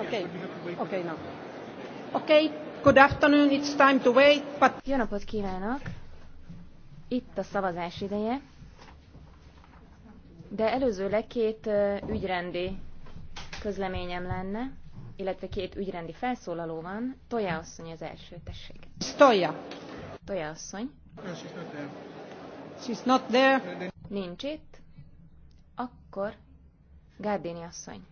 Okay. Okay, good afternoon, it's time to wait, but... Jó napot kívánok! Itt a szavazás ideje, de előzőleg két ügyrendi közleményem lenne, illetve két ügyrendi felszólaló van. Tolja asszony az első, tessék. Tolja. Tolja asszony. She's not there. Nincs itt. Akkor Gárdéni asszony.